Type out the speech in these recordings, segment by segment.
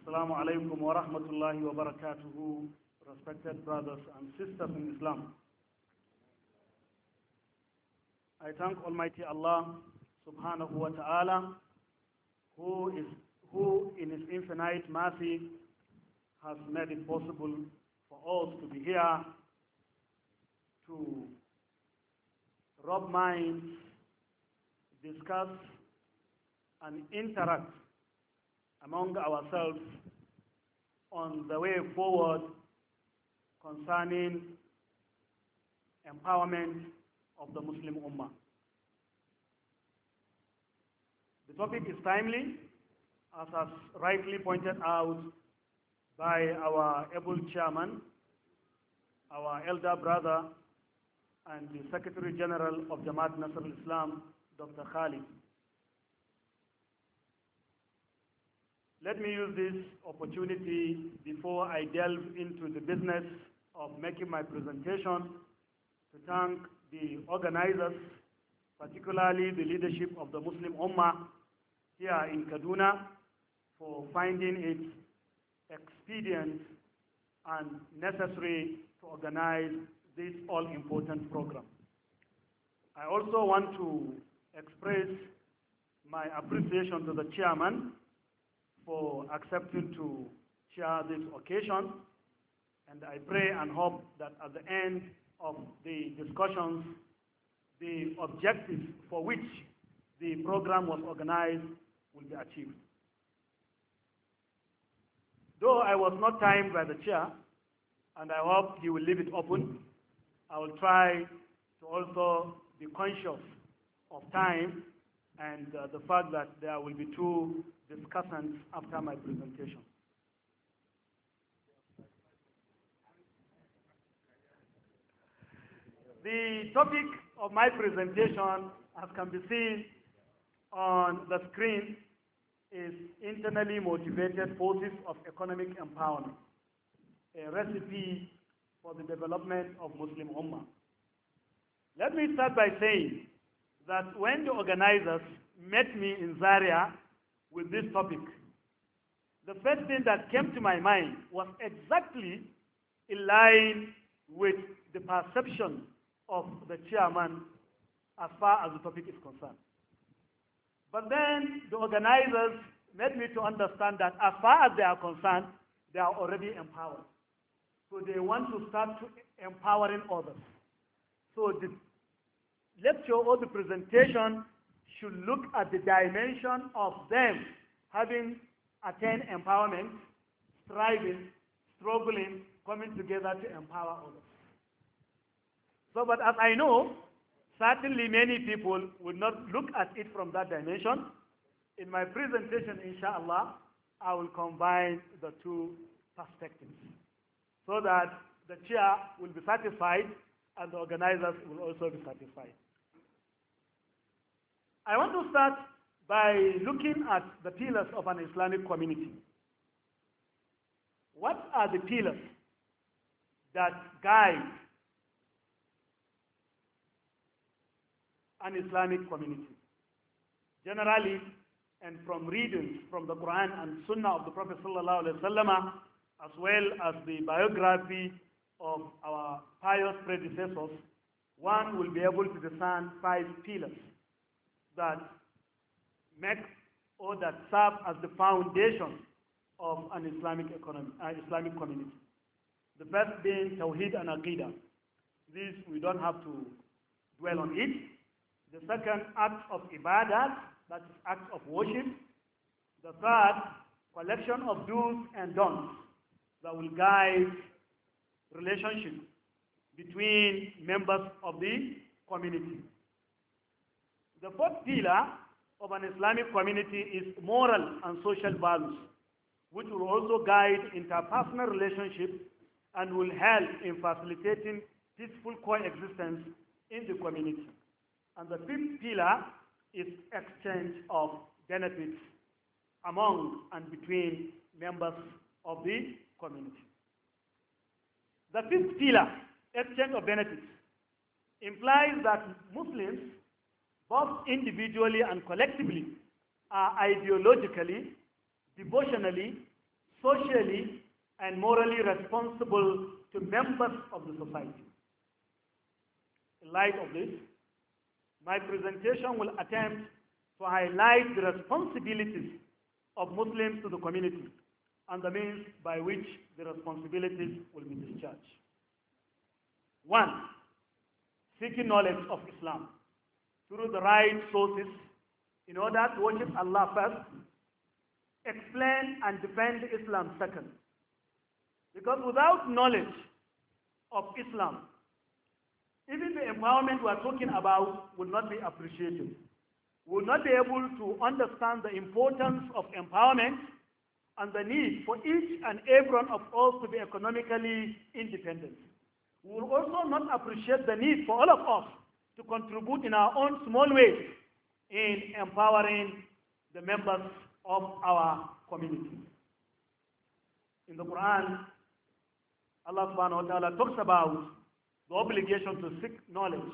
Assalamu alaikum wa rahmatullahi wa barakatuhu, respected brothers and sisters in Islam. I thank Almighty Allah subhanahu wa ta'ala who, is, who in his infinite mercy has made it possible for us to be here to rub minds, discuss and interact among ourselves on the way forward concerning empowerment of the Muslim Ummah. The topic is timely, as has rightly pointed out by our able chairman, our elder brother, and the Secretary General of Jamaat Nasr al-Islam, Dr. Khalid. Let me use this opportunity before I delve into the business of making my presentation to thank the organizers, particularly the leadership of the Muslim Ummah here in Kaduna for finding it expedient and necessary to organize this all-important program. I also want to express my appreciation to the chairman for accepting to share this occasion. And I pray and hope that at the end of the discussions, the objectives for which the program was organized will be achieved. Though I was not timed by the chair, and I hope he will leave it open, I will try to also be conscious of time and uh, the fact that there will be two discussants after my presentation. The topic of my presentation, as can be seen on the screen, is internally motivated forces of economic empowerment, a recipe for the development of Muslim Ummah. Let me start by saying that when the organizers met me in Zaria with this topic, the first thing that came to my mind was exactly in line with the perception of the chairman as far as the topic is concerned. But then the organizers made me to understand that as far as they are concerned, they are already empowered. So they want to start to empowering others. So the lecture or the presentation should look at the dimension of them having attained empowerment, striving, struggling, coming together to empower others. So, but as I know, certainly many people would not look at it from that dimension. In my presentation, inshallah, I will combine the two perspectives so that the chair will be satisfied and the organizers will also be satisfied. I want to start by looking at the pillars of an Islamic community. What are the pillars that guide an Islamic community? Generally, and from readings from the Quran and Sunnah of the Prophet ﷺ, as well as the biography of our pious predecessors, one will be able to discern five pillars that make or that serve as the foundation of an Islamic economy, an uh, Islamic community. The first being Tawheed and Aqidah. This we don't have to dwell on it. The second, acts of Ibadah, that is acts of worship. The third, collection of do's and don'ts that will guide relationship between members of the community. The fourth pillar of an Islamic community is moral and social values, which will also guide interpersonal relationships and will help in facilitating peaceful coexistence in the community. And the fifth pillar is exchange of benefits among and between members of the community. The fifth pillar, exchange of benefits, implies that Muslims both individually and collectively, are ideologically, devotionally, socially, and morally responsible to members of the society. In light of this, my presentation will attempt to highlight the responsibilities of Muslims to the community and the means by which the responsibilities will be discharged. One, seeking knowledge of Islam through the right sources in order to worship Allah first, explain and defend Islam second. Because without knowledge of Islam, even the empowerment we are talking about will not be appreciated. We will not be able to understand the importance of empowerment and the need for each and every one of us to be economically independent. We will also not appreciate the need for all of us to contribute in our own small ways in empowering the members of our community. In the Quran, Allah subhanahu wa ta'ala talks about the obligation to seek knowledge.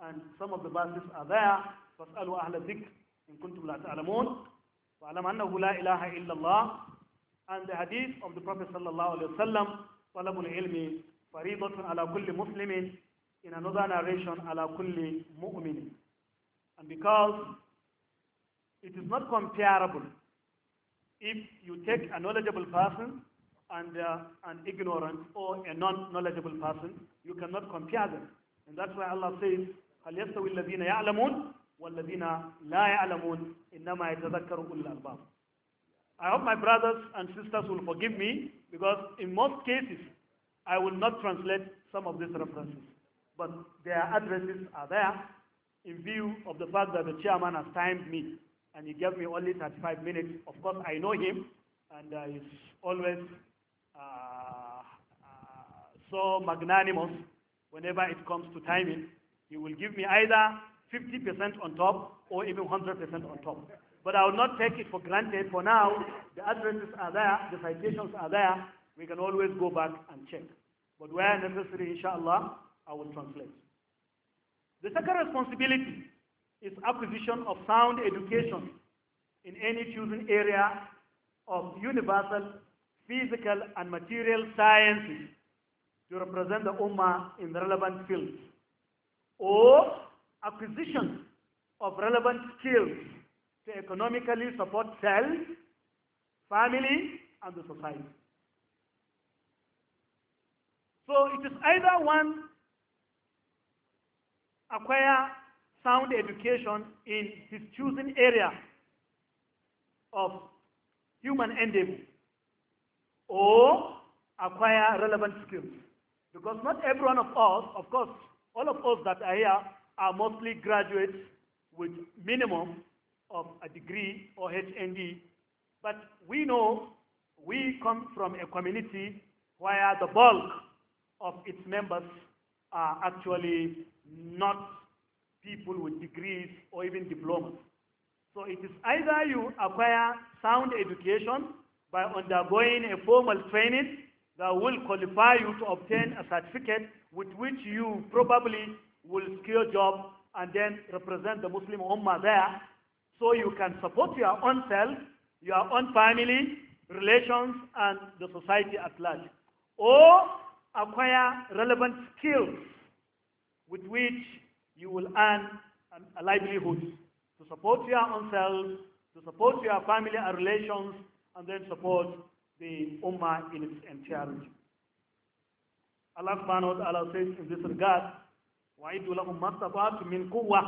And some of the verses are there. And the hadith of the Prophet sallallahu alayhi wa sallam طَلَبُ الْعِلْمِ فَرِيضَةٌ عَلَى كُلِّ مُسْلِمٍ in another narration, ala kulli mu'min. And because it is not comparable if you take a knowledgeable person and uh, an ignorant or a non-knowledgeable person, you cannot compare them. And that's why Allah says, هَلْ يَسْتَوِي الَّذِينَ يَعْلَمُونَ وَالَّذِينَ لَا يَعْلَمُونَ إِنَّمَا يَتَذَكَّرُ الْأَلْبَابِ I hope my brothers and sisters will forgive me because in most cases, I will not translate some of these references but their addresses are there in view of the fact that the chairman has timed me and he gave me only 35 minutes. Of course, I know him and uh, he's always uh, uh, so magnanimous whenever it comes to timing. He will give me either 50% on top or even 100% on top. But I will not take it for granted. For now, the addresses are there, the citations are there. We can always go back and check. But where necessary, inshallah, I will translate. The second responsibility is acquisition of sound education in any chosen area of universal physical and material sciences to represent the Ummah in the relevant fields, or acquisition of relevant skills to economically support self, family, and the society. So it is either one acquire sound education in his chosen area of human endeavor or acquire relevant skills. Because not every one of us, of course, all of us that are here are mostly graduates with minimum of a degree or HND. But we know we come from a community where the bulk of its members are actually not people with degrees or even diplomas. So it is either you acquire sound education by undergoing a formal training that will qualify you to obtain a certificate with which you probably will secure a job and then represent the Muslim Ummah there so you can support your own self, your own family, relations, and the society at large. Or acquire relevant skills with which you will earn a livelihood to support your own self, to support your family and relations, and then support the Ummah in its entirety. Allah subhanahu wa ta'ala says in this regard, وَعِدُّ لَهُمْ مَسْتَفَاتُ مِنْ قُوَّةِ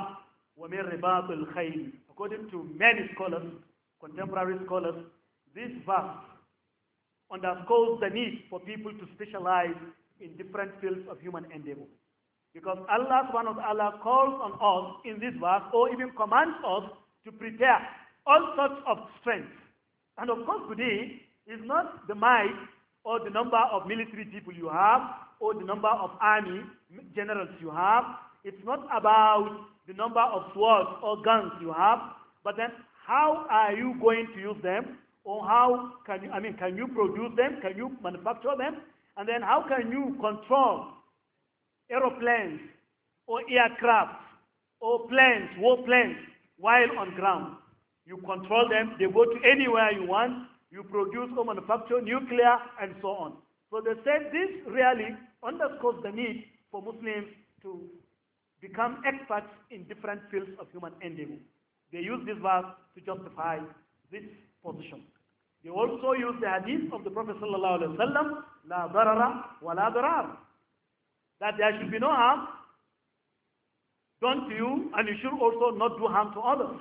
وَمِنْ رِبَاطِ الْخَيْلِ According to many scholars, contemporary scholars, this verse underscores the need for people to specialize in different fields of human endeavor. Because Allah subhanahu wa ta'ala calls on us in this verse or even commands us to prepare all sorts of strength. And of course today is not the might or the number of military people you have or the number of army generals you have. It's not about the number of swords or guns you have, but then how are you going to use them or how can you, I mean, can you produce them? Can you manufacture them? And then how can you control aeroplanes or aircraft or planes, warplanes, while on ground? You control them, they go to anywhere you want, you produce or manufacture nuclear and so on. So they said this really underscores the need for Muslims to become experts in different fields of human endeavor. They use this verse to justify this position. They also use the hadith of the Prophet sallallahu alaihi wasallam, la darara wa la darar, that there should be no harm done to you, and you should also not do harm to others.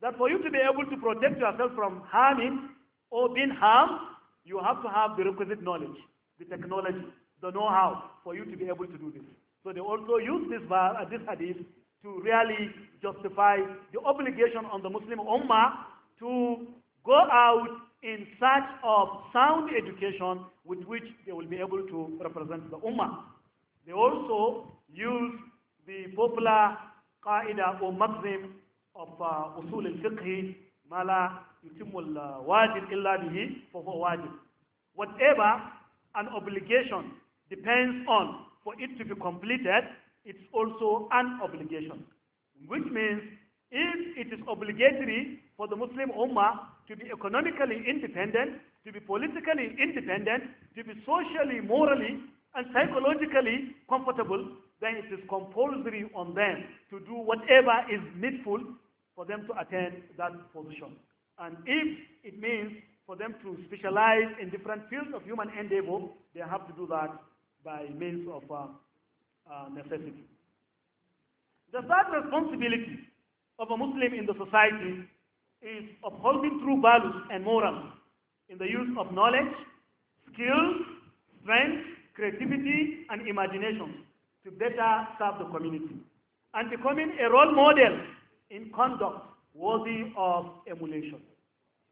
That for you to be able to protect yourself from harming or being harmed, you have to have the requisite knowledge, the technology, the know-how for you to be able to do this. So they also use this, uh, this hadith to really justify the obligation on the Muslim Ummah to go out in search of sound education with which they will be able to represent the Ummah. They also use the popular qaida or maxim of uh, usul al-fiqh mala la wajib illa bihi wajib whatever an obligation depends on for it to be completed it's also an obligation which means if it is obligatory for the Muslim Ummah to be economically independent, to be politically independent, to be socially, morally, and psychologically comfortable, then it is compulsory on them to do whatever is needful for them to attain that position. And if it means for them to specialize in different fields of human endeavor, they have to do that by means of uh, uh, necessity. The third responsibility of a Muslim in the society is upholding true values and morals in the use of knowledge, skills, strength, creativity, and imagination to better serve the community, and becoming a role model in conduct worthy of emulation.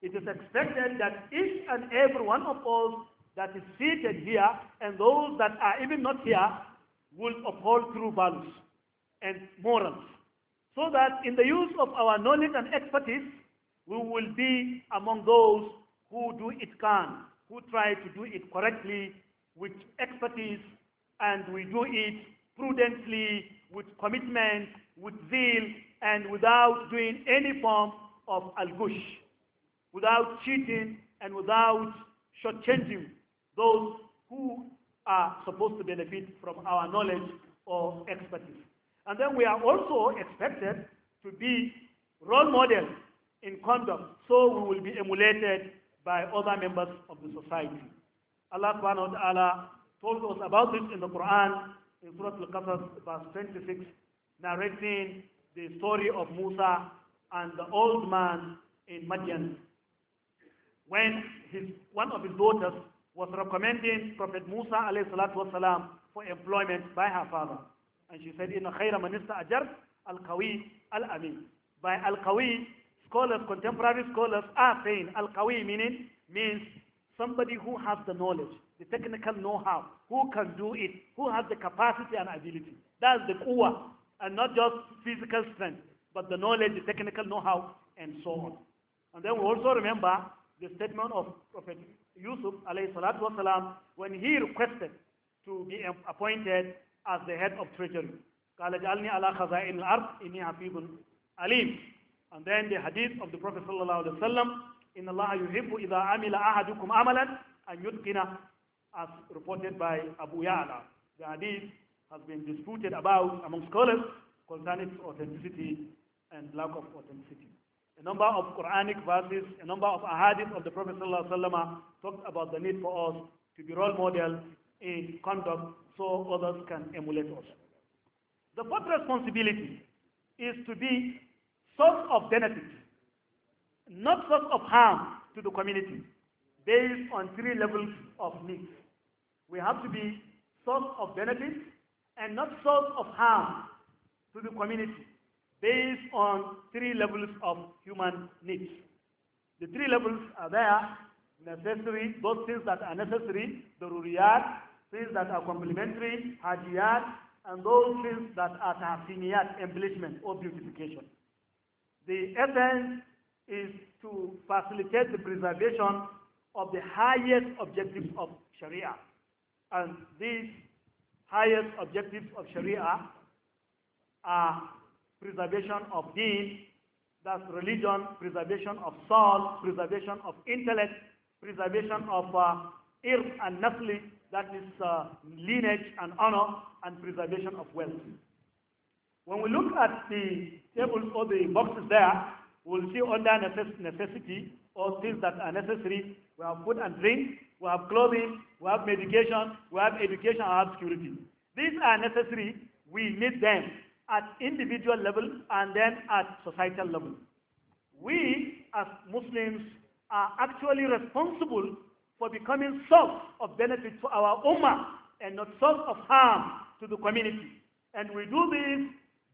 It is expected that each and every one of us that is seated here and those that are even not here will uphold true values and morals so that in the use of our knowledge and expertise, we will be among those who do it can, who try to do it correctly with expertise, and we do it prudently, with commitment, with zeal, and without doing any form of algush, without cheating and without shortchanging those who are supposed to benefit from our knowledge or expertise. And then we are also expected to be role models in conduct, so we will be emulated by other members of the society. Allah subhanahu wa ta'ala told us about this in the Quran, in Surah Al-Qasas, verse 26, narrating the story of Musa and the old man in Madian. When his, one of his daughters was recommending Prophet Musa والسلام, for employment by her father. And she said, In khayra manista ajar al-kawi al-amin. By al-kawi, scholars, contemporary scholars are saying al-qawi meaning means somebody who has the knowledge, the technical know-how, who can do it, who has the capacity and ability. That's the quwa, and not just physical strength, but the knowledge, the technical know-how, and so on. And then we also remember the statement of Prophet Yusuf والسلام, when he requested to be appointed as the head of treasury. قال اجعلني على خزائن الأرض إني حفيظ عليم and then the hadith of the Prophet sallallahu alaihi wasallam, "In Allah yuhibbu idha amila ahadukum amalan and yutqina," as reported by Abu Ya'la. The hadith has been disputed about among scholars concerning its authenticity and lack of authenticity. A number of Quranic verses, a number of ahadith of the Prophet ﷺ talked about the need for us to be role models in conduct so others can emulate us. The fourth responsibility is to be source of benefit, not source of harm to the community, based on three levels of needs. We have to be source of benefit and not source of harm to the community, based on three levels of human needs. The three levels are there, necessary, those things that are necessary, the ruriyat, things that are complementary, hajiyat, and those things that are tahsiniyat, embellishment or beautification. The essence is to facilitate the preservation of the highest objectives of Sharia. And these highest objectives of Sharia are preservation of deen, that's religion, preservation of soul, preservation of intellect, preservation of uh, irf and nafli, that is uh, lineage and honor, and preservation of wealth. When we look at the tables or the boxes there, we'll see under necessity or things that are necessary. We have food and drink, we have clothing, we have medication, we have education, we have security. These are necessary. We need them at individual level and then at societal level. We as Muslims are actually responsible for becoming source of benefit to our ummah and not source of harm to the community. And we do this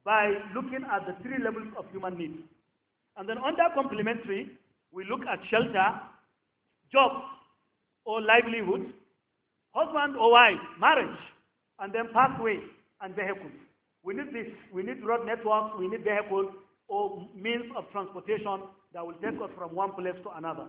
by looking at the three levels of human needs. And then under complementary, we look at shelter, jobs or livelihood, husband or wife, marriage, and then pathway and vehicles. We need this. We need road networks, we need vehicles or means of transportation that will take us from one place to another.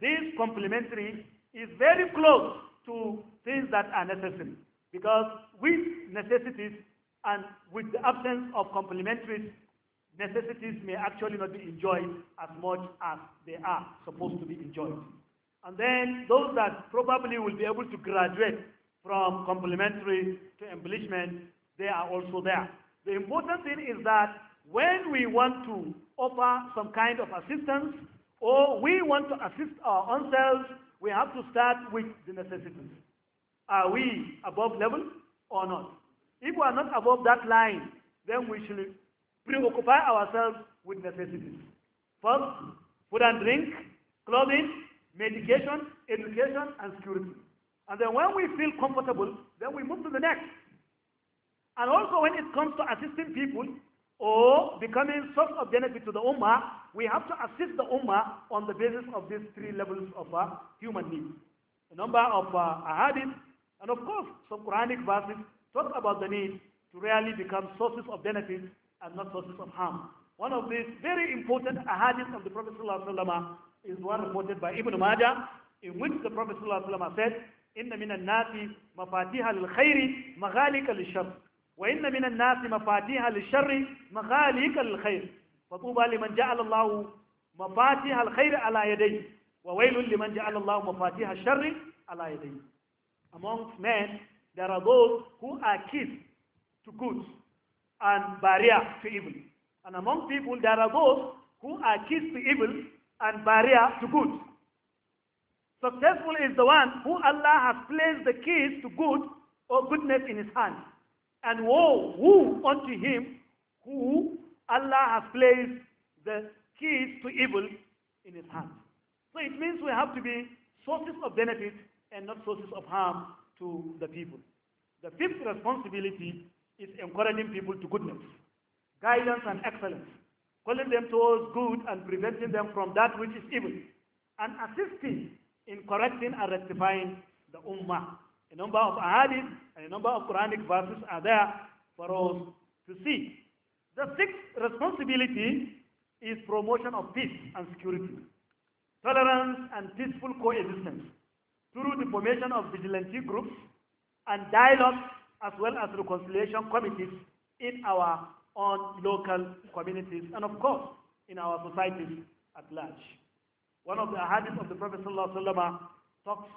This complementary is very close to things that are necessary because with necessities and with the absence of complementaries, necessities may actually not be enjoyed as much as they are supposed to be enjoyed. And then those that probably will be able to graduate from complementary to embellishment, they are also there. The important thing is that when we want to offer some kind of assistance or we want to assist our own selves, we have to start with the necessities. Are we above level or not? If we are not above that line, then we should preoccupy ourselves with necessities. First, food and drink, clothing, medication, education, and security. And then when we feel comfortable, then we move to the next. And also when it comes to assisting people or becoming source of benefit to the Ummah, we have to assist the Ummah on the basis of these three levels of uh, human needs. A number of uh, ahadith, and of course, some Quranic verses talk about the need to really become sources of benefit and not sources of harm. One of these very important ahadith of the Prophet ﷺ is one reported by Ibn Majah, in which the Prophet ﷺ said, إن من الناس مفاتيح للخير مغاليق للشر وإن من الناس مفاتيح للشر مغاليق للخير فطوبى لمن جعل الله مفاتيح الخير على يديه وويل لمن جعل الله مفاتيح الشر على يديه Amongst men there are those who are keys to good and barrier to evil. And among people, there are those who are keys to evil and barrier to good. Successful is the one who Allah has placed the keys to good or goodness in his hand. And woe, woe unto him who Allah has placed the keys to evil in his hand. So it means we have to be sources of benefit and not sources of harm to the people. The fifth responsibility is encouraging people to goodness, guidance and excellence, calling them towards good and preventing them from that which is evil, and assisting in correcting and rectifying the ummah. A number of ahadith and a number of Quranic verses are there for us to see. The sixth responsibility is promotion of peace and security, tolerance and peaceful coexistence through the formation of vigilante groups and dialogues, as well as reconciliation committees in our own local communities and of course in our societies at large. One of the hadith of the Prophet talks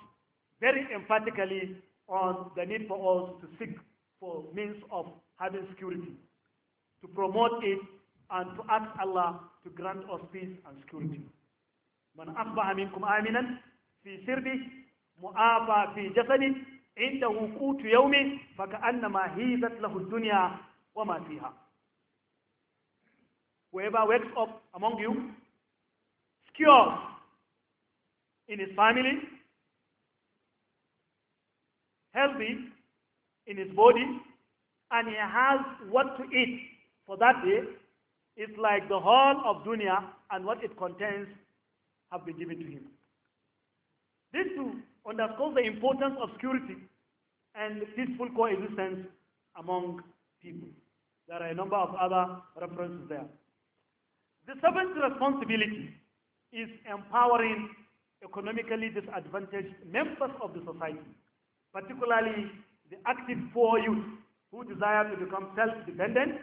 very emphatically on the need for us to seek for means of having security, to promote it and to ask Allah to grant us peace and security. من أصبح منكم آمنا في سربه mu'afa fi hizat lahu dunya wa ma fiha whoever wakes up among you secure in his family healthy in his body and he has what to eat for that day it's like the whole of dunya and what it contains have been given to him this too underscores the importance of security and peaceful coexistence among people. There are a number of other references there. The seventh responsibility is empowering economically disadvantaged members of the society, particularly the active poor youth who desire to become self-dependent,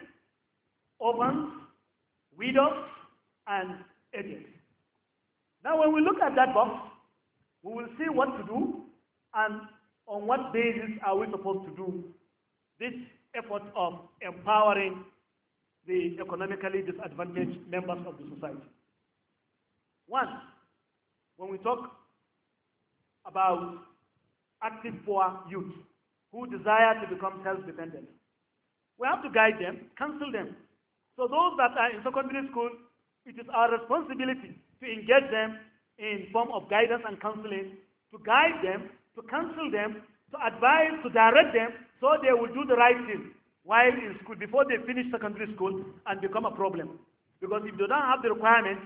orphans, widows, and idiots. Now when we look at that box, we will see what to do and on what basis are we supposed to do this effort of empowering the economically disadvantaged members of the society. One, when we talk about active poor youth who desire to become self-dependent, we have to guide them, counsel them. So those that are in secondary school, it is our responsibility to engage them in form of guidance and counseling to guide them, to counsel them, to advise, to direct them so they will do the right thing while in school, before they finish secondary school and become a problem. Because if they don't have the requirements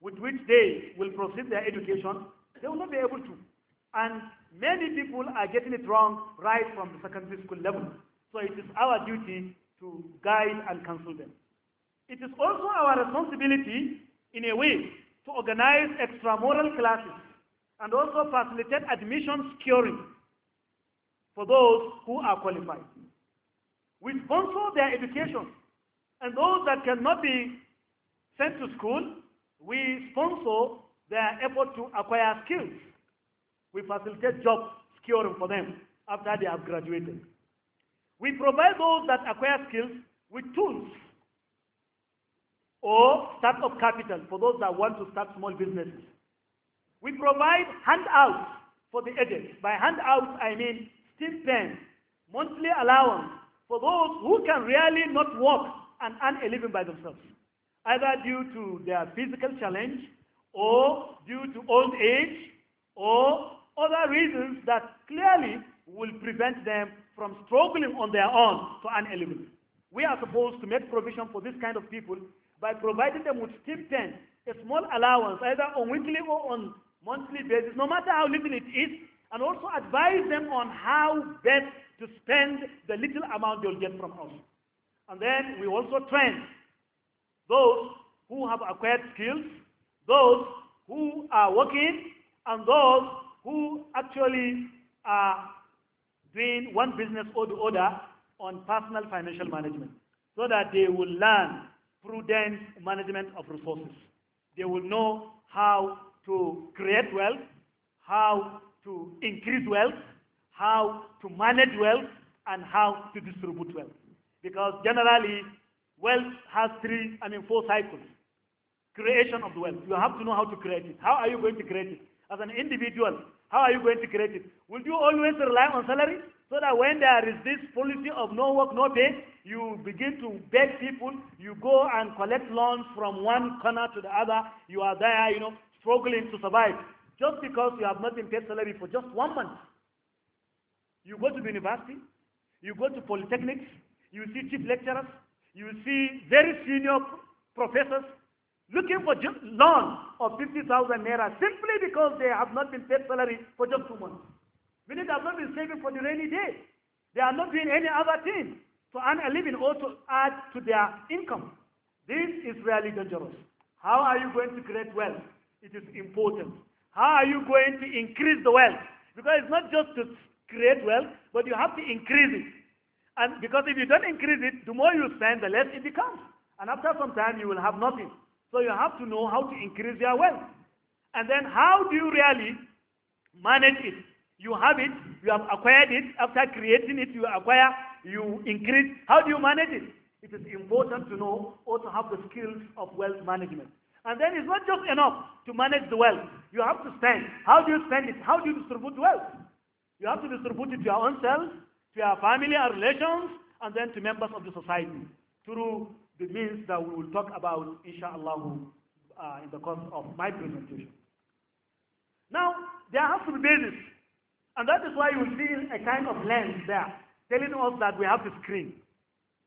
with which they will proceed their education, they will not be able to. And many people are getting it wrong right from the secondary school level. So it is our duty to guide and counsel them. It is also our responsibility, in a way, to organize extramural classes and also facilitate admission securing for those who are qualified. We sponsor their education and those that cannot be sent to school, we sponsor their effort to acquire skills. We facilitate job securing for them after they have graduated. We provide those that acquire skills with tools or start-up capital for those that want to start small businesses. We provide handouts for the agents. By handouts, I mean stipends, monthly allowance for those who can really not work and earn a living by themselves, either due to their physical challenge or due to old age or other reasons that clearly will prevent them from struggling on their own to earn a living. We are supposed to make provision for this kind of people by providing them with stipend, a small allowance, either on weekly or on monthly basis, no matter how little it is, and also advise them on how best to spend the little amount they'll get from us. And then we also train those who have acquired skills, those who are working, and those who actually are doing one business or the other on personal financial management so that they will learn prudent management of resources. They will know how to create wealth, how to increase wealth, how to manage wealth, and how to distribute wealth. Because generally, wealth has three, I mean, four cycles. Creation of the wealth. You have to know how to create it. How are you going to create it? As an individual, how are you going to create it? Will you always rely on salary? So that when there is this policy of no work, no pay, you begin to beg people, you go and collect loans from one corner to the other, you are there, you know, struggling to survive. Just because you have not been paid salary for just one month. You go to the university, you go to polytechnics, you see chief lecturers, you see very senior professors looking for just loan of 50,000 naira simply because they have not been paid salary for just two months. Meaning they have not been saving for the rainy day. They are not doing any other thing to earn a living or to add to their income. This is really dangerous. How are you going to create wealth? It is important. How are you going to increase the wealth? Because it's not just to create wealth, but you have to increase it. And because if you don't increase it, the more you spend, the less it becomes. And after some time, you will have nothing. So you have to know how to increase your wealth. And then how do you really manage it? You have it, you have acquired it, after creating it, you acquire, you increase. How do you manage it? It is important to know or to have the skills of wealth management. And then it's not just enough to manage the wealth. You have to spend. How do you spend it? How do you distribute wealth? You have to distribute it to your own self, to your family your relations, and then to members of the society through the means that we will talk about, inshallah, uh, in the course of my presentation. Now, there has to be basis. And that is why you see a kind of lens there, telling us that we have to screen.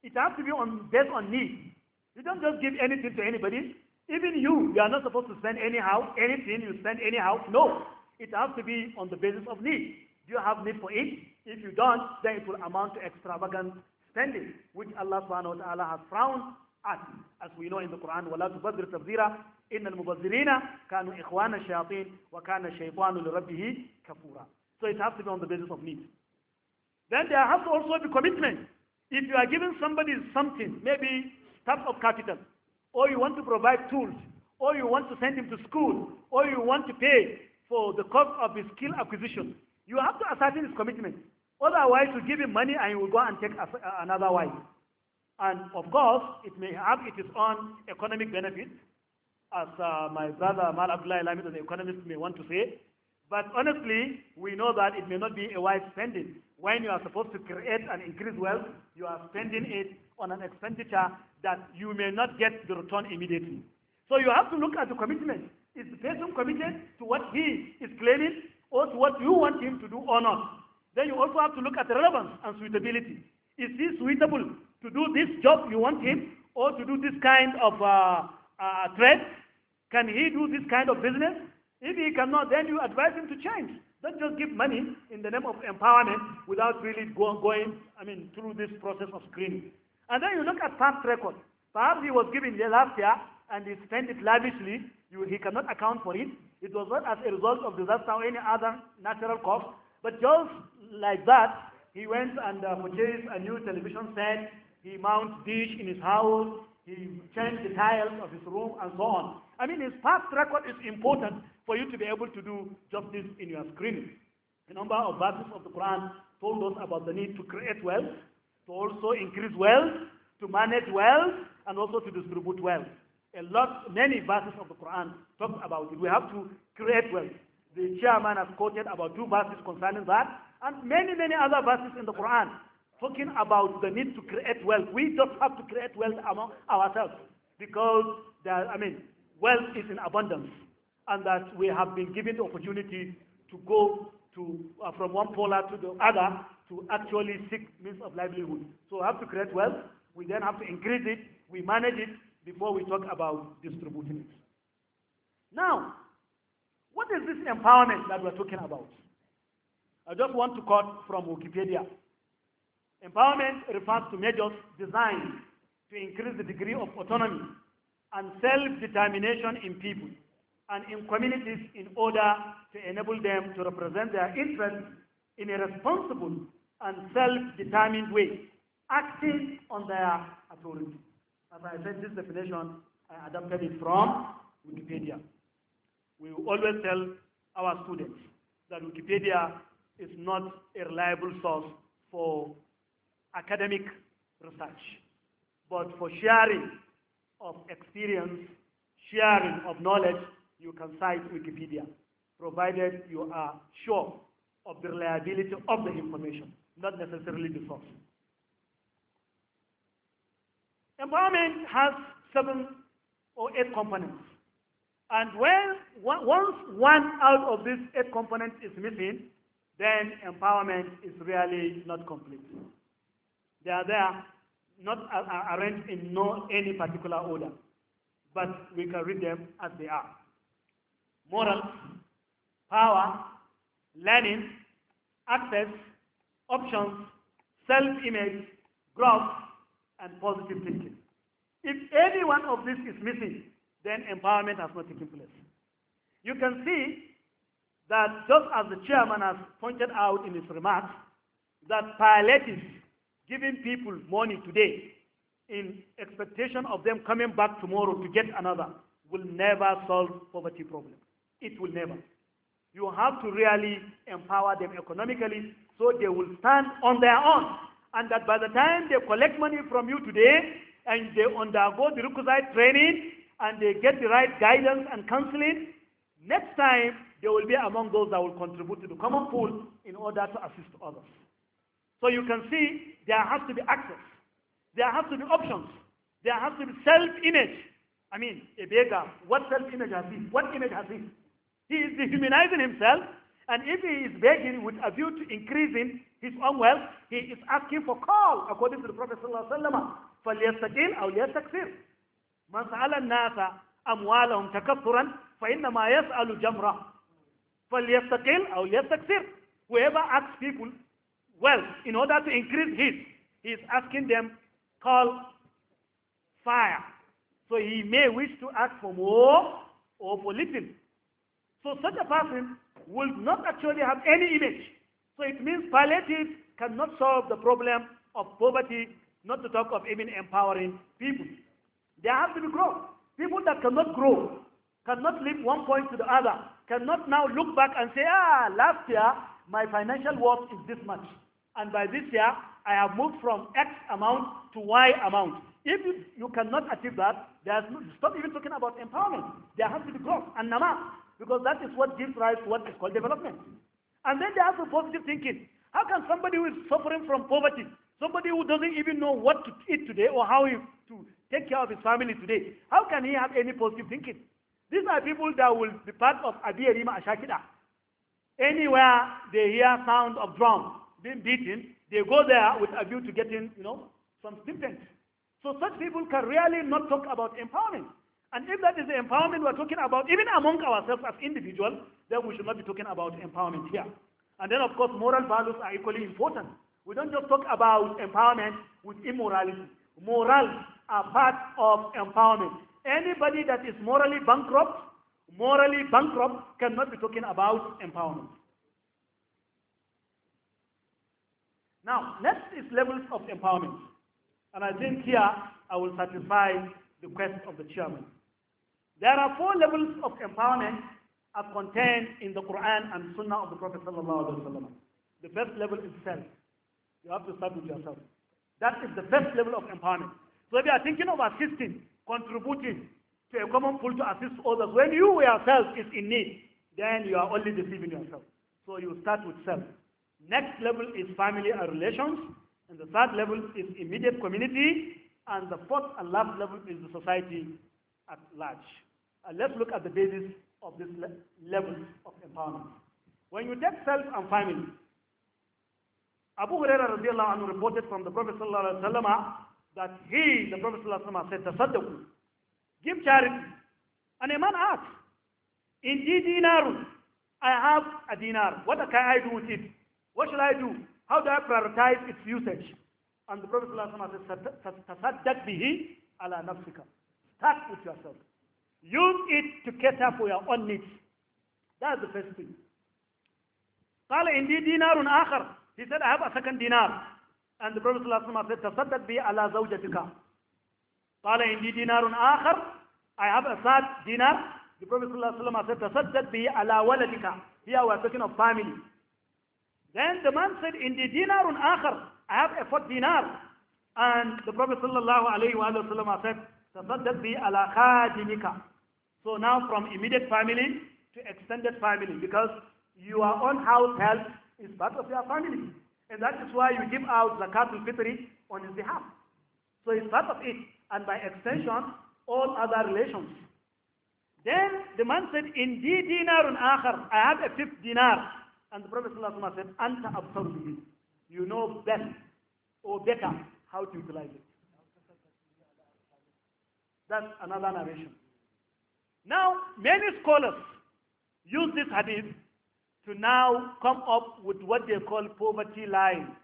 It has to be on, based on need. You don't just give anything to anybody. Even you, you are not supposed to spend anyhow, anything you spend anyhow. No. It has to be on the basis of need. Do you have need for it? If you don't, then it will amount to extravagant spending, which Allah subhanahu wa ta'ala has frowned as we know in the Quran, وَلَا تُبَذِّرْ تَبْذِيرًا إِنَّ الْمُبَذِّرِينَ كَانُوا إِخْوَانَ الشَّيَاطِينِ وَكَانَ الشَّيْطَانُ لِرَبِّهِ كَفُورًا So it has to be on the basis of need. Then there has to also be commitment. If you are giving somebody something, maybe types of capital, or you want to provide tools, or you want to send him to school, or you want to pay for the cost of his skill acquisition, you have to ascertain his commitment. Otherwise, you give him money and he will go and take another wife. And of course, it may have its own economic benefits, as uh, my brother Mal Abdullah the economist, may want to say. But honestly, we know that it may not be a wise spending. When you are supposed to create and increase wealth, you are spending it on an expenditure that you may not get the return immediately. So you have to look at the commitment. Is the person committed to what he is claiming or to what you want him to do or not? Then you also have to look at the relevance and suitability. Is he suitable to do this job you want him, or to do this kind of uh, uh, uh trade? Can he do this kind of business? If he cannot, then you advise him to change. Don't just give money in the name of empowerment without really go, going, I mean, through this process of screening. And then you look at past records. Perhaps he was given last year and he spent it lavishly. You, he cannot account for it. It was not as a result of disaster or any other natural cause. But just like that, he went and uh, purchased a new television set he mounts dish in his house, he changes the tiles of his room, and so on. I mean, his past record is important for you to be able to do justice in your screening. A number of verses of the Quran told us about the need to create wealth, to also increase wealth, to manage wealth, and also to distribute wealth. A lot, many verses of the Quran talk about it. We have to create wealth. The chairman has quoted about two verses concerning that, and many, many other verses in the Quran talking about the need to create wealth. We just have to create wealth among ourselves because, there, I mean, wealth is in abundance and that we have been given the opportunity to go to, uh, from one polar to the other to actually seek means of livelihood. So we have to create wealth, we then have to increase it, we manage it before we talk about distributing it. Now, what is this empowerment that we're talking about? I just want to quote from Wikipedia. Empowerment refers to measures designed to increase the degree of autonomy and self-determination in people and in communities in order to enable them to represent their interests in a responsible and self-determined way, acting on their authority. As I said, this definition, I adapted it from Wikipedia. We always tell our students that Wikipedia is not a reliable source for academic research, but for sharing of experience, sharing of knowledge, you can cite Wikipedia, provided you are sure of the reliability of the information, not necessarily the source. Empowerment has seven or eight components. And when once one out of these eight components is missing, then empowerment is really not complete. They are there, not arranged in no any particular order, but we can read them as they are. Moral, power, learning, access, options, self-image, growth, and positive thinking. If any one of this is missing, then empowerment has not taken place. You can see that just as the chairman has pointed out in his remarks, that paralysis giving people money today in expectation of them coming back tomorrow to get another will never solve poverty problem. It will never. You have to really empower them economically so they will stand on their own. And that by the time they collect money from you today and they undergo the requisite training and they get the right guidance and counseling, next time they will be among those that will contribute to the common pool in order to assist others. So you can see there has to be access. There has to be options. There has to be self-image. I mean, a beggar, what self-image has he? What image has he? He is dehumanizing himself, and if he is begging with a view to increasing his own wealth, he is asking for call, according to the Prophet ﷺ. فَلْيَسْتَقِلْ أَوْ يَسْتَكْثِرْ مَنْ سَأَلَ النَّاسَ أَمْوَالَهُمْ فَإِنَّمَا فَلْيَسْتَقِلْ أَوْ يَسْتَكْثِرْ Whoever asks people well, in order to increase his. He is asking them, call fire. So he may wish to ask for more or for little. So such a person will not actually have any image. So it means palliative cannot solve the problem of poverty, not to talk of even empowering people. There have to be growth. People that cannot grow, cannot leap one point to the other, cannot now look back and say, ah, last year my financial worth is this much and by this year I have moved from X amount to Y amount. If you, cannot achieve that, there's no, stop even talking about empowerment. There has to be growth and nama, because that is what gives rise to what is called development. And then to the positive thinking. How can somebody who is suffering from poverty, somebody who doesn't even know what to eat today or how he, to take care of his family today, how can he have any positive thinking? These are people that will be part of Abiyarima Ashakida. Anywhere they hear sound of drums being beaten, they go there with a view to getting, you know, some stipend. So such people can really not talk about empowerment. And if that is the empowerment we're talking about, even among ourselves as individuals, then we should not be talking about empowerment here. And then, of course, moral values are equally important. We don't just talk about empowerment with immorality. Morals are part of empowerment. Anybody that is morally bankrupt, morally bankrupt, cannot be talking about empowerment. Now, next is levels of empowerment. And I think here I will satisfy the request of the chairman. There are four levels of empowerment are contained in the Quran and Sunnah of the Prophet The first level is self. You have to start with yourself. That is the first level of empowerment. So if you are thinking of assisting, contributing to a common pool to assist others, when you yourself is in need, then you are only deceiving yourself. So you start with self. Next level is family and relations. And the third level is immediate community. And the fourth and last level is the society at large. And uh, let's look at the basis of these le levels of empowerment. When you take self and family, Abu Hurairah anhu reported from the Prophet ﷺ that he, the Prophet ﷺ, said, Tasaddaqu, give charity. And a man asked, Indeed, dinar, I have a dinar. What can I do with it? What shall I do? How do I prioritize its usage? And the Prophet said, Tasaddaq bihi ala nafsika. Start with yourself. Use it to cater for your own needs. That's the first thing. قال عندي دينار آخر. He said, I have a second dinar. And the Prophet said, Tasaddaq bihi ala zawjatika. قال عندي دينار آخر. I have a third dinar. The Prophet said, Tasaddaq bihi ala waladika. Here we are talking of family. Then the man said, dinar dinarun akhar, I have a fourth dinar. And the Prophet sallallahu alayhi wa sallam said, Tasaddaq bi ala khadinika. So now from immediate family to extended family because your own house help is part of your family. And that is why you give out zakat al-fitri on his behalf. So it's part of it. And by extension, all other relations. Then the man said, Indeed dinarun akhar. I have a fifth dinar. And the Prophet ﷺ said, Anta absaru You know best or better how to utilize it. That's another narration. Now, many scholars use this hadith to now come up with what they call poverty line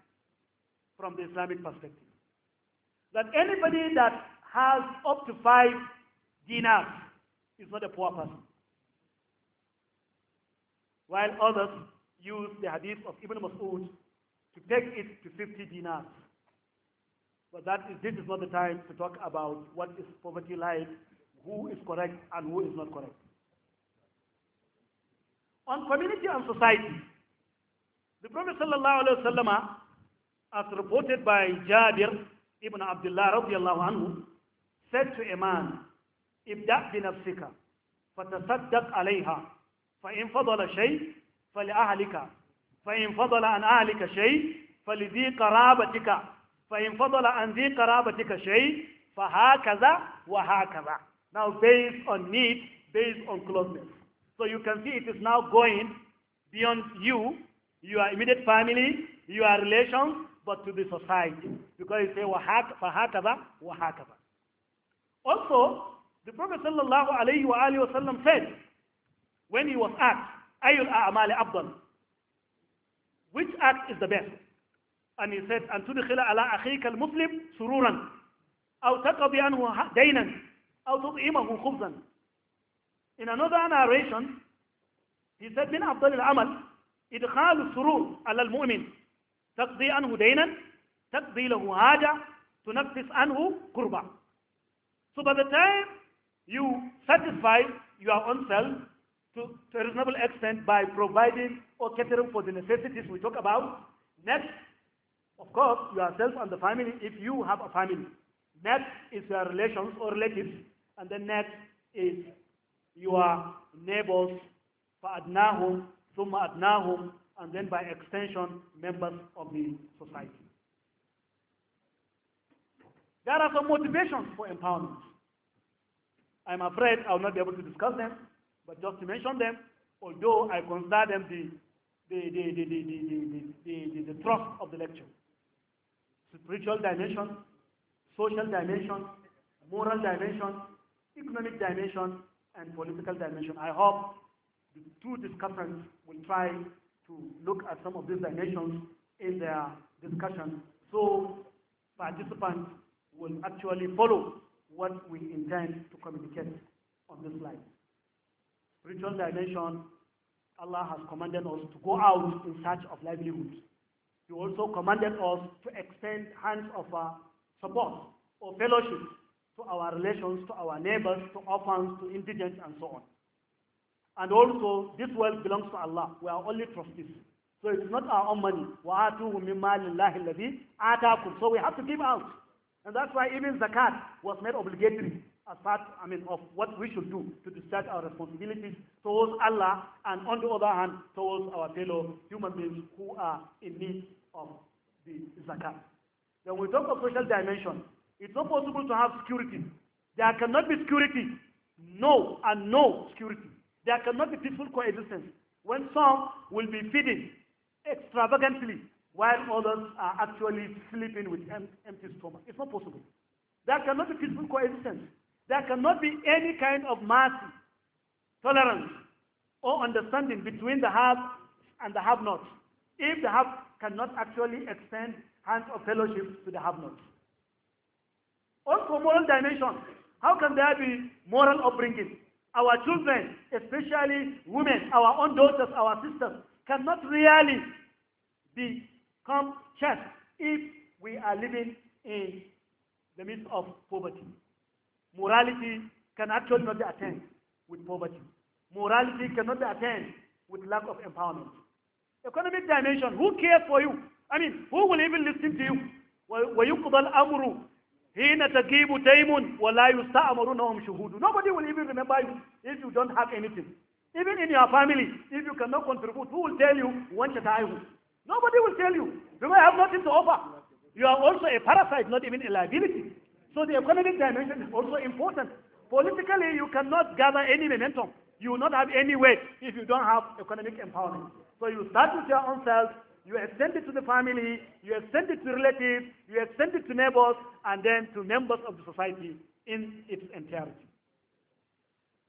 from the Islamic perspective. That anybody that has up to five dinars is not a poor person, while others Use the hadith of Ibn Mas'ud to take it to 50 dinars. But that is, this is not the time to talk about what is poverty like, who is correct and who is not correct. On community and society, the Prophet sallallahu wasallam, as reported by Jabir ibn Abdullah anhu, said to a man, ابدأ بنفسك فتصدق عليها فإن فضل شيء فلأهلك فإن فضل عن أهلك شيء فلذي قرابتك فإن فضل عن ذي قرابتك شيء فهكذا وهكذا now based on need based on closeness so you can see it is now going beyond you your immediate family your relations but to the society because you say فهكذا وهكذا also the Prophet sallallahu alayhi wa sallam said when he was asked أي الأعمال أفضل which act is the best and he said أن تدخل على أخيك المسلم سرورا أو تقضي عنه دينا أو تطعمه خبزا in another narration he said من أفضل العمل إدخال السرور على المؤمن تقضي عنه دينا تقضي له حاجة تنفس عنه قربا so by the time you satisfy your own self to, to a reasonable extent by providing or catering for the necessities we talk about. Next, of course, yourself and the family, if you have a family. Next is your relations or relatives, and then next is your neighbors, فَأَدْنَاهُمْ ثُمَّ أَدْنَاهُمْ and then by extension, members of the society. There are some motivations for empowerment. I'm afraid I'll not be able to discuss them but just to mention them, although I consider them the, the, the, the, the, the, the, the, the thrust of the lecture. Spiritual dimension, social dimension, moral dimension, economic dimension, and political dimension. I hope the two discussions will try to look at some of these dimensions in their discussion so participants will actually follow what we intend to communicate on this slide spiritual dimension, Allah has commanded us to go out in search of livelihood. He also commanded us to extend hands of our uh, support or fellowship to our relations, to our neighbors, to orphans, to indigents, and so on. And also, this world belongs to Allah. We are only trustees. So it's not our own money. So we have to give out. And that's why even zakat was made obligatory apart, I mean, of what we should do to discharge our responsibilities towards Allah and on the other hand, towards our fellow human beings who are in need of the zakat. When we talk of social dimension, it's not possible to have security. There cannot be security. No and no security. There cannot be peaceful coexistence when some will be feeding extravagantly while others are actually sleeping with empty stomach. It's not possible. There cannot be peaceful coexistence. There cannot be any kind of mercy, tolerance, or understanding between the have and the have-not if the have cannot actually extend hands of fellowship to the have-not. Also, moral dimension. How can there be moral upbringing? Our children, especially women, our own daughters, our sisters, cannot really become just if we are living in the midst of poverty. Morality can actually not be attained with poverty. Morality cannot be attained with lack of empowerment. Economic dimension, who cares for you? I mean, who will even listen to you? Nobody will even remember you if you don't have anything. Even in your family, if you cannot contribute, who will tell you when to die? Nobody will tell you. You may have nothing to offer. You are also a parasite, not even a liability. So the economic dimension is also important. Politically, you cannot gather any momentum. You will not have any weight if you don't have economic empowerment. So you start with your own self, you extend it to the family, you extend it to relatives, you extend it to neighbors, and then to members of the society in its entirety.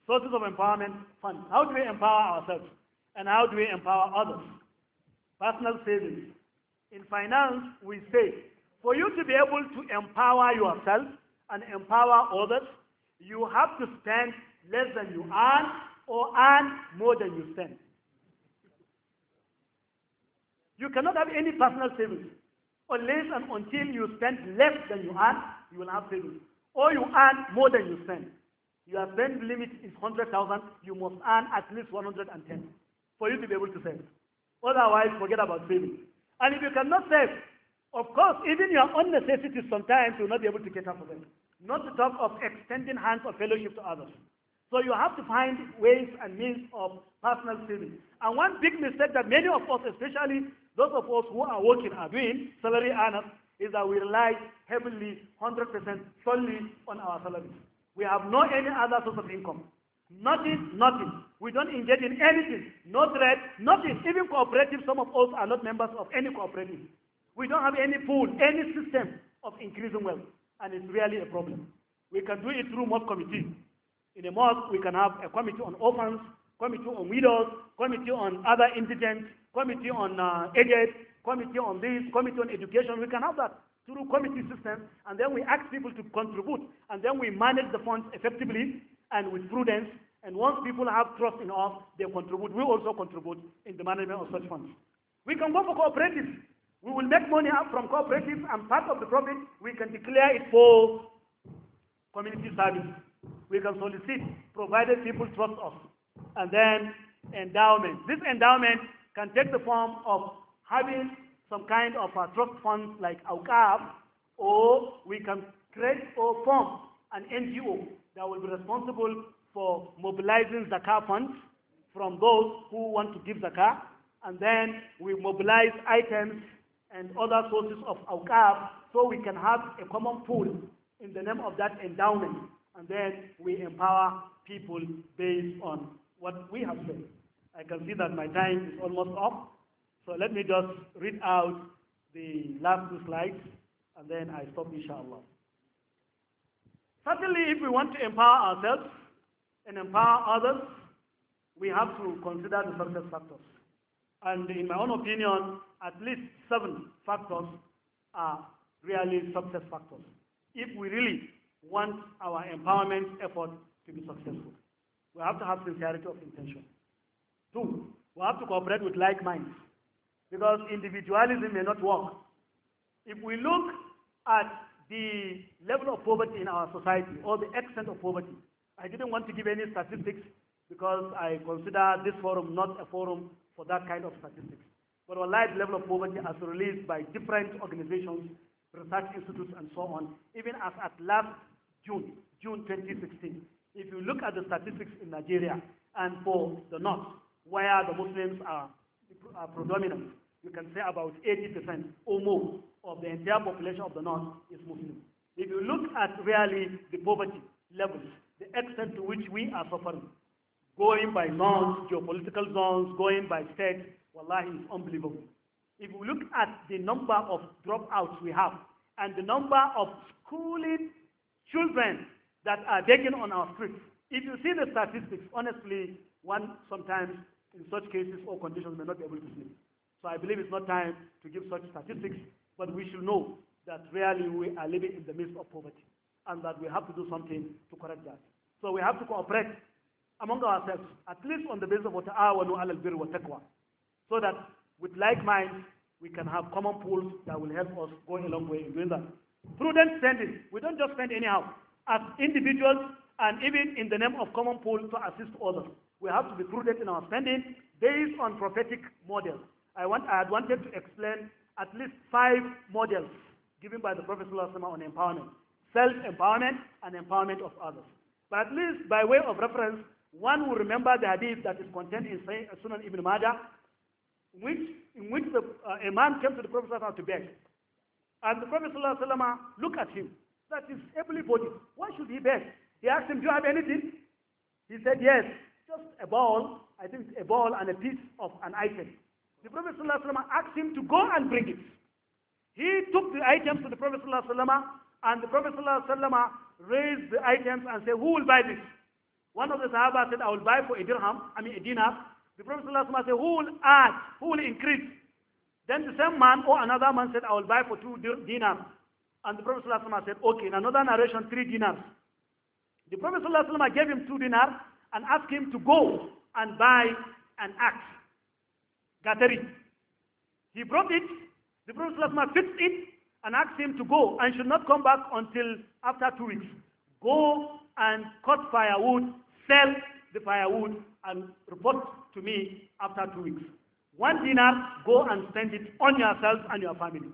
Sources of empowerment fund. How do we empower ourselves? And how do we empower others? Personal savings. In finance, we save. For you to be able to empower yourself and empower others, you have to spend less than you earn or earn more than you spend. You cannot have any personal savings unless and until you spend less than you earn, you will have savings. Or you earn more than you spend. Your spend limit is 100,000, you must earn at least 110 for you to be able to save. Otherwise, forget about saving. And if you cannot save, of course, even your own necessities sometimes you will not be able to cater for them. Not to talk of extending hands of fellowship to others. So you have to find ways and means of personal saving. And one big mistake that many of us, especially those of us who are working, are doing, salary earners, is that we rely heavily, 100% solely on our salaries. We have no any other source of income. Nothing, nothing. We don't engage in anything. No trade, nothing. Even cooperative, some of us are not members of any cooperative. We don't have any pool, any system of increasing wealth, and it's really a problem. We can do it through mosque committee. In a mosque, we can have a committee on orphans, committee on widows, committee on other indigent, committee on uh, aged, committee on this, committee on education. We can have that through committee system, and then we ask people to contribute, and then we manage the funds effectively and with prudence. And once people have trust in us, they contribute. We also contribute in the management of such funds. We can go for cooperatives. We will make money from cooperatives and part of the profit we can declare it for community service. We can solicit, provided people trust us. And then endowment. This endowment can take the form of having some kind of a trust fund like AUCAP, or we can create or form an NGO that will be responsible for mobilizing Zakah funds from those who want to give Zakah, and then we mobilize items and other sources of awqaf so we can have a common pool in the name of that endowment and then we empower people based on what we have said. I can see that my time is almost up, so let me just read out the last two slides and then I stop inshallah. Certainly if we want to empower ourselves and empower others, we have to consider the success factors. And in my own opinion, at least seven factors are really success factors if we really want our empowerment effort to be successful. We have to have sincerity of intention. Two, we have to cooperate with like minds because individualism may not work. If we look at the level of poverty in our society or the extent of poverty, I didn't want to give any statistics because I consider this forum not a forum for that kind of statistics. But wallahi, the level of poverty as released by different organizations, research institutes, and so on, even as at last June, June 2016, if you look at the statistics in Nigeria and for the North, where the Muslims are, are predominant, you can say about 80% or more of the entire population of the North is Muslim. If you look at really the poverty levels, the extent to which we are suffering, going by zones, geopolitical zones, going by states, wallahi, is unbelievable. If we look at the number of dropouts we have and the number of schooling children that are begging on our streets, if you see the statistics, honestly, one sometimes in such cases or conditions may not be able to sleep. So I believe it's not time to give such statistics, but we should know that really we are living in the midst of poverty and that we have to do something to correct that. So we have to cooperate among ourselves, at least on the basis of wata'awanu alal birri wa taqwa, so that with like minds, we can have common pools that will help us go a long way in doing that. Prudent spending. We don't just spend anyhow. As individuals and even in the name of common pool to assist others, we have to be prudent in our spending based on prophetic models. I, want, I had wanted to explain at least five models given by the Prophet ﷺ on empowerment, self-empowerment and empowerment of others. But at least by way of reference, one will remember the hadith that is contained in Sunan Ibn Majah, which, in which the, uh, a man came to the Prophet to beg. And the Prophet uh, looked at him. That is able-bodied. Why should he beg? He asked him, do you have anything? He said, yes, just a ball. I think a ball and a piece of an item. The Prophet asked him to go and bring it. He took the items to the Prophet uh, and the Prophet uh, raised the items and said, who will buy this? One of the Sahaba said, I will buy for a dirham, I mean a dinar. The Prophet ﷺ said, who will add, who will increase? Then the same man or another man said, I will buy for two dinars. And the Prophet ﷺ said, okay, in another narration, three dinars. The Prophet ﷺ gave him two dinars and asked him to go and buy an axe, it. He brought it, the Prophet ﷺ fixed it and asked him to go and should not come back until after two weeks. Go and cut firewood, sell the firewood, and report to me after two weeks. One dinar, go and spend it on yourself and your family.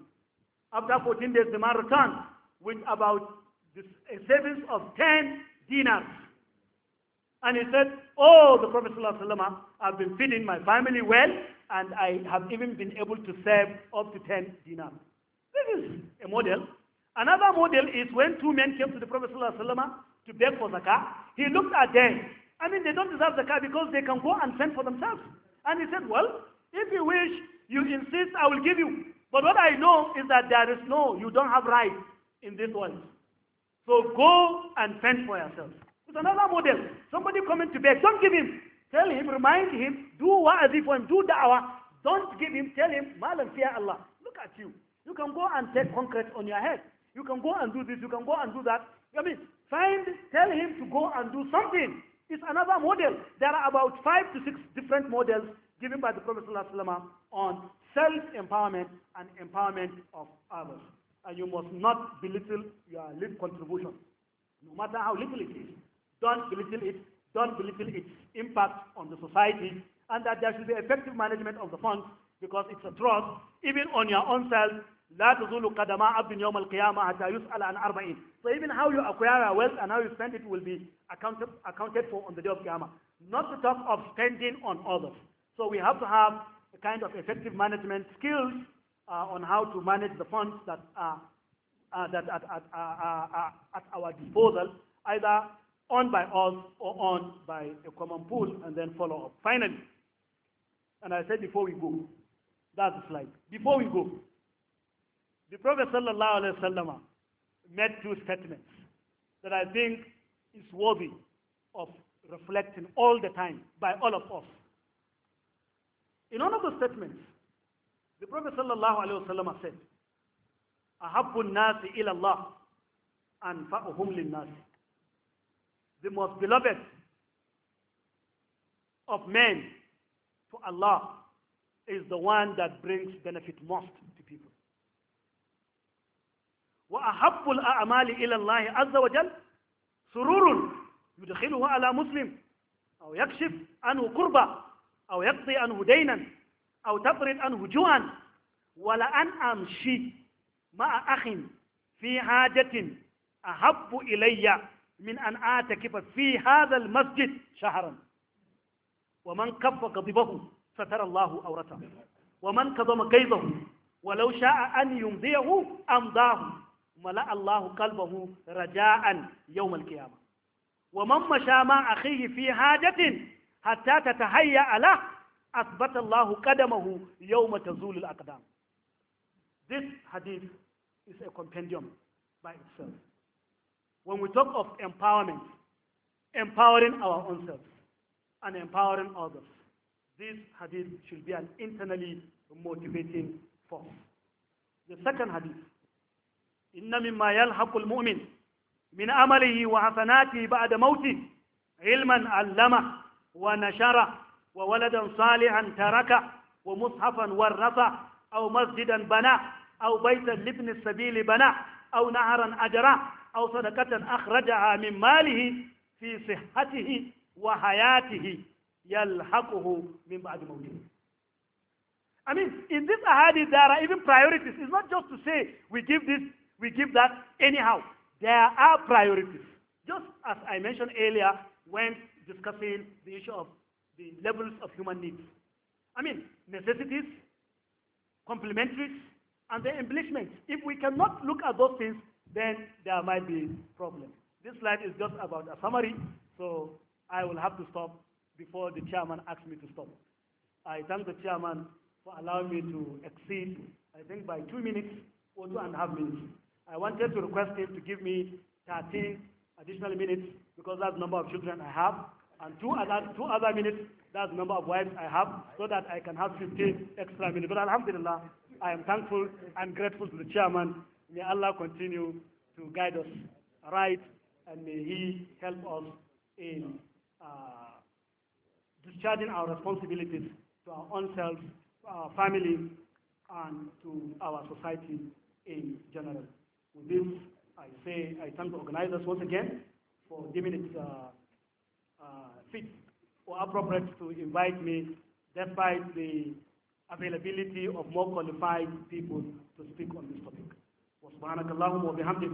After 14 days, the man returned with about a savings of 10 dinars. And he said, Oh, the Prophet i I've been feeding my family well, and I have even been able to save up to 10 dinars. This is a model. Another model is when two men came to the Prophet ﷺ to beg for zakah, he looked at them. I mean, they don't deserve zakah because they can go and send for themselves. And he said, well, if you wish, you insist, I will give you. But what I know is that there is no, you don't have right in this world. So go and fend for yourself. It's another model. Somebody coming to beg, don't give him. Tell him, remind him, do wa'azi for him, do da'wah. Don't give him, tell him, malam fear Allah. Look at you. You can go and take concrete on your head. You can go and do this, you can go and do that. I mean, find, tell him to go and do something. It's another model. There are about five to six different models given by the Prophet ﷺ on self-empowerment and empowerment of others. And you must not belittle your little contribution, no matter how little it is. Don't belittle it. Don't belittle its impact on the society. And that there should be effective management of the funds because it's a trust, even on your own self, لا تزول قدم عبد يوم القيامة حتى يسأل عن أربعين. So even how you acquire a wealth and how you spend it will be accounted, accounted for on the day of Qiyamah. Not to talk of spending on others. So we have to have a kind of effective management skills uh, on how to manage the funds that are uh, that at, at, uh, uh, uh, at our disposal, either owned by us or owned by a common pool, and then follow up. Finally, and I said before we go, that's the slide. Before we go, the Prophet ﷺ made two statements that I think is worthy of reflecting all the time by all of us. In one of the statements, the Prophet wasallam said, Ahabbun nasi ila Allah and fa'uhum lin nasi. The most beloved of men to Allah is the one that brings benefit most وأحب الأعمال إلى الله عز وجل سرور يدخله على مسلم أو يكشف عنه قربة أو يقضي عنه دينا أو تفرد عنه جوعا ولأن أمشي مع أخ في حاجة أحب إلي من أن أعتكف في هذا المسجد شهرا ومن كف غضبه ستر الله أورته ومن كظم كيده ولو شاء أن يمضيه أمضاه mala Allahu kalbahu raja'an yau al wa man masha ma akhihi fi hajatin hatta haya ala asbata Allahu kadamahu yawma tazulu al-aqdam this hadith is a compendium by itself when we talk of empowerment empowering our own selves and empowering others this hadith should be an internally motivating force the second hadith إن مما يلحق المؤمن من أمله وحسناته بعد موته علما علمه ونشره وولدا صالحا تركه ومصحفا ورثه أو مسجدا بناه أو بيتا لابن السبيل بناه أو نهرا أجراه أو صدقة أخرجها من ماله في صحته وحياته يلحقه من بعد موته I mean, in this ahadith, there are even priorities. It's not just to say we give this We give that anyhow. There are priorities. Just as I mentioned earlier when discussing the issue of the levels of human needs. I mean, necessities, complementaries, and the embellishments. If we cannot look at those things, then there might be problems. This slide is just about a summary, so I will have to stop before the chairman asks me to stop. I thank the chairman for allowing me to exceed, I think, by two minutes or two and a half minutes. I wanted to request him to give me 13 additional minutes because that's the number of children I have, and two other, two other minutes, that's the number of wives I have, so that I can have 15 extra minutes. But Alhamdulillah, I am thankful and grateful to the chairman. May Allah continue to guide us right, and may He help us in uh, discharging our responsibilities to our own selves, to our family, and to our society in general. With this, I say I thank the organizers once again for giving it uh, uh fit or appropriate to invite me despite the availability of more qualified people to speak on this topic. وسبحانك اللهم وبحمدك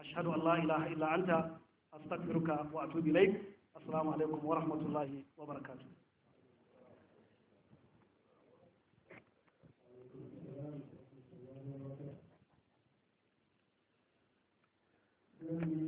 أشهد أن لا إله إلا أنت أستغفرك وأتوب إليك السلام عليكم ورحمة الله وبركاته Amen.